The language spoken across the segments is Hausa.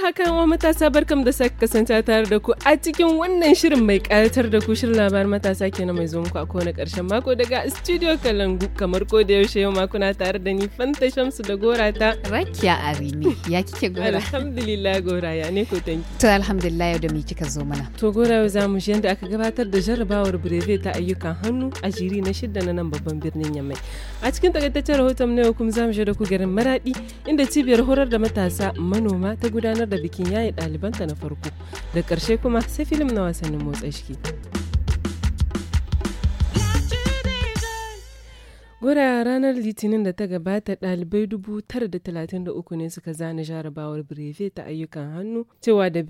haka wa matasa barkam da sake kasance tare da ku a cikin wannan shirin mai karatar da ku shirin labarin matasa ke na mai zo muku a kowane karshen mako daga studio Kalangu kamar ko da yaushe yau makuna tare da ni Fanta Shamsu da Gora ta Rakiya Arimi ya kike Gora Alhamdulillah Gora ya ne ko tanki To alhamdulillah yau da me kika zo mana To Gora yau zamu shi yanda aka gabatar da jarrabawar brevet ta ayyukan hannu a jiri na shidda na nan babban birnin Yamai a cikin takaitaccen rahoton na yau kuma zamu shi da ku garin Maradi inda cibiyar horar da matasa manoma ta gudanar gudanar da bikin yayi ɗalibanta na farko da karshe kuma sai filim na wasannin motsa shi Gura ranar Litinin da ta gabata ɗalibai uku ne suka zana jarabawar brevet ta ayyukan hannu cewa da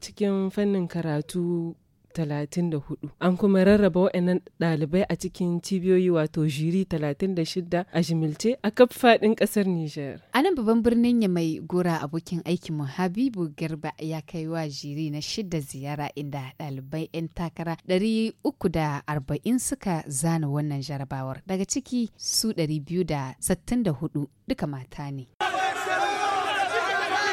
cikin fannin karatu 34 an kuma rarraba waɗannan ɗalibai a cikin cibiyoyi wato jiri 36 a jimilce a kaf faɗin ƙasar Nijar. A nan babban birnin ya mai gora abokin aikinmu Habibu Garba ya kai wa jiri na shida ziyara inda ɗalibai 'yan takara 340 suka zana wannan jarabawar daga ciki su 264 duka mata ne.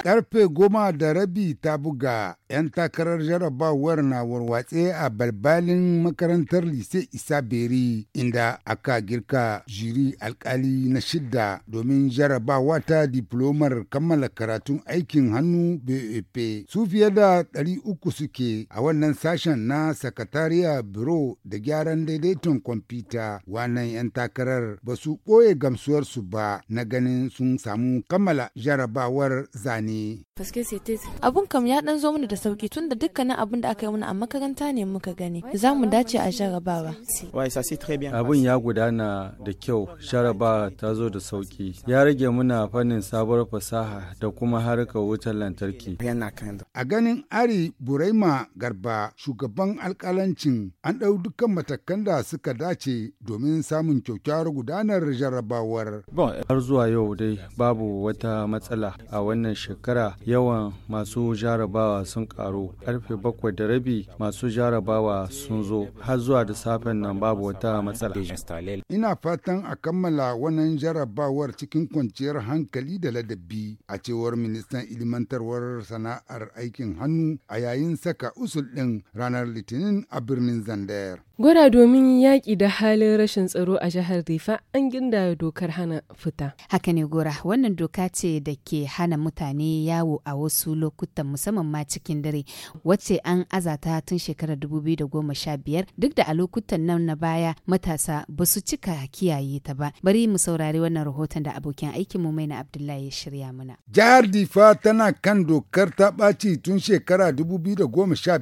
Karfe goma da rabi ta buga 'yan takarar jarabawar na warwatse a balbalin makarantar lise isa beri inda aka girka jiri alkali na shidda domin jarabawa ta diplomar kammala karatun aikin hannu bep su fiye da 300 suke a wannan sashen na sakatariya biro da gyaran daidaiton kwamfuta wannan 'yan takarar ba su ɓoye gamsuwarsu ba na ganin sun samu kammala jarabawar zane Paske sai Abun kam ya dan zo mana da sauki tunda dukkanin abun da aka yi mana a makaranta ne muka gani. Za mu dace a jarabawa. Abun ya gudana da kyau, Sharaba ta zo da sauki. Ya rage muna fannin sabuwar fasaha da kuma harkar wutar lantarki. A ganin Ari Buraima Garba, shugaban alkalancin an ɗau dukkan matakan da suka dace domin samun kyakkyawar gudanar jarabawar. Har zuwa yau dai babu wata matsala a wannan shekara yawan masu jarabawa sun karu karfe bakwai da rabi masu jarabawa sun zo har zuwa da safen nan babu wata matsala ina fatan a kammala wannan jarabawar cikin kwanciyar hankali da ladabi a cewar ministan ilimantarwar sana'ar aikin hannu a yayin saka usul ɗin ranar litinin a birnin zandayar Gwada domin yaƙi da halin rashin tsaro a jihar Rifa an ginda dokar hana fita. Haka ne gora wannan doka ce da ke hana mutane yawo a wasu lokutan musamman ma cikin dare wacce an azata tun shekarar 2015 duk da a lokutan nan na baya matasa ba su cika kiyaye ta ba. Bari mu saurari wannan rahoton da abokin aikin mu Maina Abdullahi ya shirya mana. Jihar Rifa tana kan dokar ta ɓaci tun shekara 2015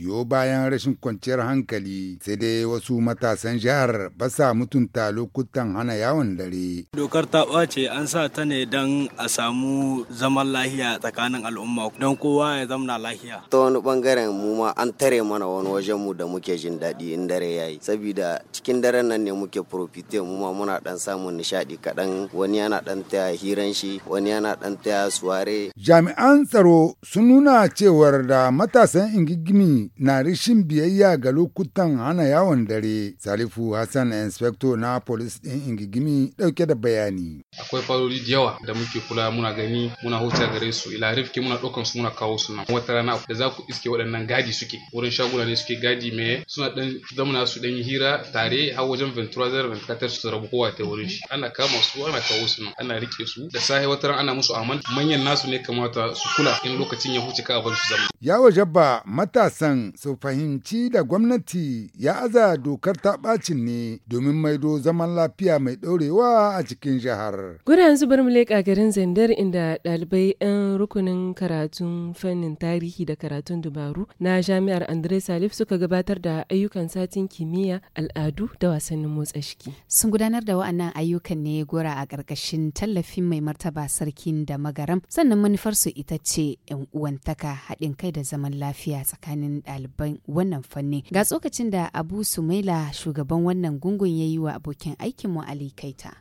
biyo bayan rashin kwanciyar hankali. sai dai wasu matasan jihar ba sa mutunta lokutan hana yawon dare. Dokar ta ɓace an sa ta ne don a samu zaman lahiya tsakanin al'umma don kowa ya zamna lahiya. Ta wani bangaren mu ma an tare mana wani wajen mu da muke jin daɗi in dare yayi sabida cikin daren nan ne muke profite mu ma muna dan samun nishaɗi kaɗan wani yana dan taya hiran shi wani yana dan taya suware. Jami'an tsaro sun nuna cewar da matasan ingigimi na rishin biyayya ga lokutan ana yawon dare salifu hassan inspekto na polis din ingigimi dauke da bayani akwai farori da yawa da muke kula muna gani muna huta gare su ila rifki muna daukan su muna kawo su nan wata rana da za ku iske waɗannan gadi suke wurin shaguna ne suke gadi mai suna dan zamana su dan hira tare har wajen ventura zara katar su rabu kowa ta wurin shi ana kama su ana kawo su nan ana rike su da sahi wata rana ana musu aman manyan nasu ne kamata su kula in lokacin ya huce ka abin su zama yawo wajabba matasan su fahimci da gwamnati ya aza dokar ta bacin ne domin maido zaman lafiya mai ɗorewa a cikin jihar. Gudan zubar muleka garin Zandar inda ɗalibai 'yan rukunin karatun fannin tarihi da karatun dubaru na jami'ar Andre Salif suka gabatar da ayyukan satin kimiyya al'adu da wasannin motsa shiki. Sun gudanar da wa'annan ayyukan ne gora a ƙarƙashin tallafin mai martaba sarkin da magaram sannan manufarsu ita ce 'yan uwantaka haɗin kai da zaman lafiya tsakanin ɗaliban wannan fanni. Ga tsokacin da Abu Sumaila shugaban wannan gungun ya yi wa abokin aikinmu Ali Kaita.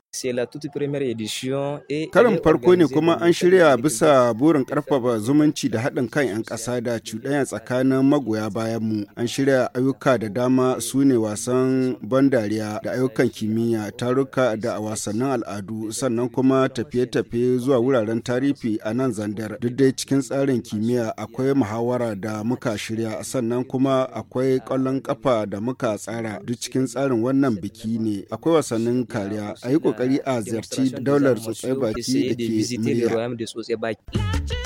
Karin farko ne kuma an shirya bisa burin karfafa zumunci da haɗin kan 'yan ƙasa da cuɗanya tsakanin magoya bayan mu. An shirya ayyuka da dama su ne wasan ban dariya da ayyukan kimiyya, taruka da wasannin al'adu, sannan kuma tafiye-tafiye zuwa wuraren tarihi a nan zandar. Duk dai cikin tsarin kimiyya akwai muhawara da muka shirya, sannan kuma akwai ƙwallon ƙafa da da muka tsara duk cikin tsarin wannan biki ne akwai wasannin kariya a yi kokari a ziyarci daular tsotsai baki da ke miliya.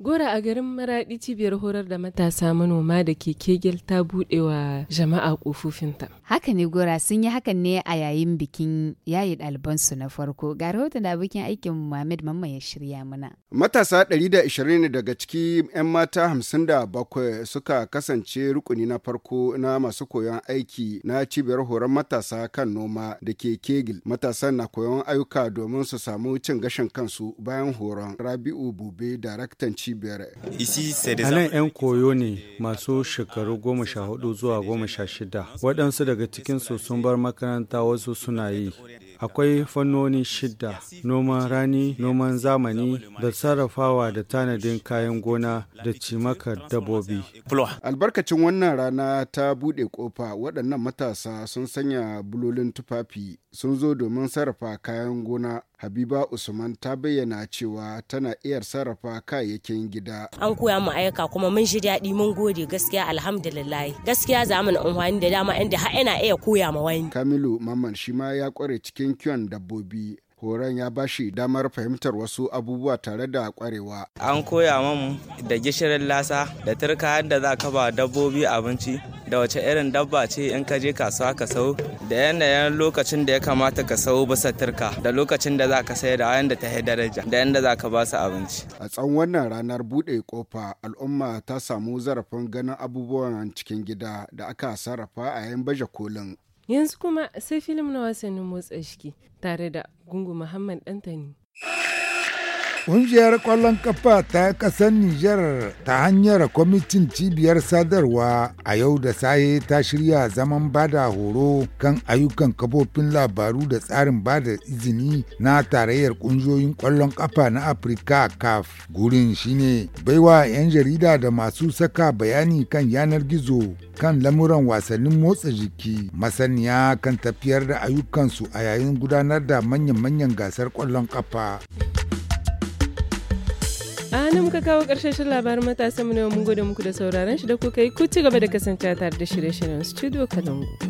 Gora a garin maraɗi cibiyar horar da matasa manoma da ke kegel ta buɗe wa jama'a kofofinta. Haka ne Gora sun yi hakan ne a yayin bikin yayi ɗalibansu na farko. Ga rahoton da bikin aikin Muhammad Mamman ya shirya mana. Matasa 120 daga ciki 'yan mata 57 suka kasance rukuni na farko na masu koyon aiki na cibiyar horon matasa kan noma da ke kegel. Matasan na koyon ayuka domin su samu cin gashin kansu bayan horon. Rabi'u Bube, daraktanci. cibiyar. A nan 'yan koyo ne masu shekaru goma sha hudu zuwa goma sha shida. Waɗansu daga cikinsu sun bar makaranta wasu suna yi. Akwai fannoni shida, noman rani, noman zamani, da sarrafawa da tanadin kayan gona da cimaka dabobi Albarkacin wannan rana ta buɗe ƙofa waɗannan matasa sun sanya bulolin tufafi sun zo domin sarrafa kayan gona Habiba Usman ta bayyana cewa tana iya sarrafa kayayyakin gida. An koya mu ayyuka kuma mun ji daɗi mun gode gaskiya alhamdulillah. Gaskiya za mu amfani da dama inda har ina iya koya ma wani. Kamilu Mamman shi ma ya kware cikin kyon dabbobi. horon ya ba shi damar fahimtar wasu abubuwa tare da kwarewa. An koya mamu da gishirin lasa da turka yadda za ka ba dabbobi abinci da wace irin dabba ce in ka je kasuwa ka sau da yanayin lokacin da ya kamata ka sau bisa da lokacin da za ka sai da wayan da ta yi daraja da yanda za ka ba su abinci. A tsawon wannan ranar buɗe kofa al'umma ta samu zarafin ganin abubuwan cikin gida da aka sarrafa a yayin baje kolin. Yanzu kuma sai filim na wasannin motsa shiki tare da Gungu Muhammad Dantani. Ƙungiyar ƙwallon kafa ta ƙasar Nijar ta hanyar kwamitin cibiyar sadarwa a yau da saye ta shirya zaman bada horo kan ayyukan kafofin labaru da tsarin bada izini na tarayyar ƙungiyoyin ƙwallon kafa na Afirka CAF. Gurin shine baiwa 'yan jarida da masu saka bayani kan yanar gizo kan lamuran wasannin motsa jiki masaniya kan tafiyar da ayyukansu a yayin gudanar da manyan-manyan gasar ƙwallon kafa. a nan muka kawo ƙarshen shirin labarin matasan mu ne mun gode muku da sauraron shi da kuka yi ku ci gaba da kasancewa tare da shirye-shiryen studio kalangu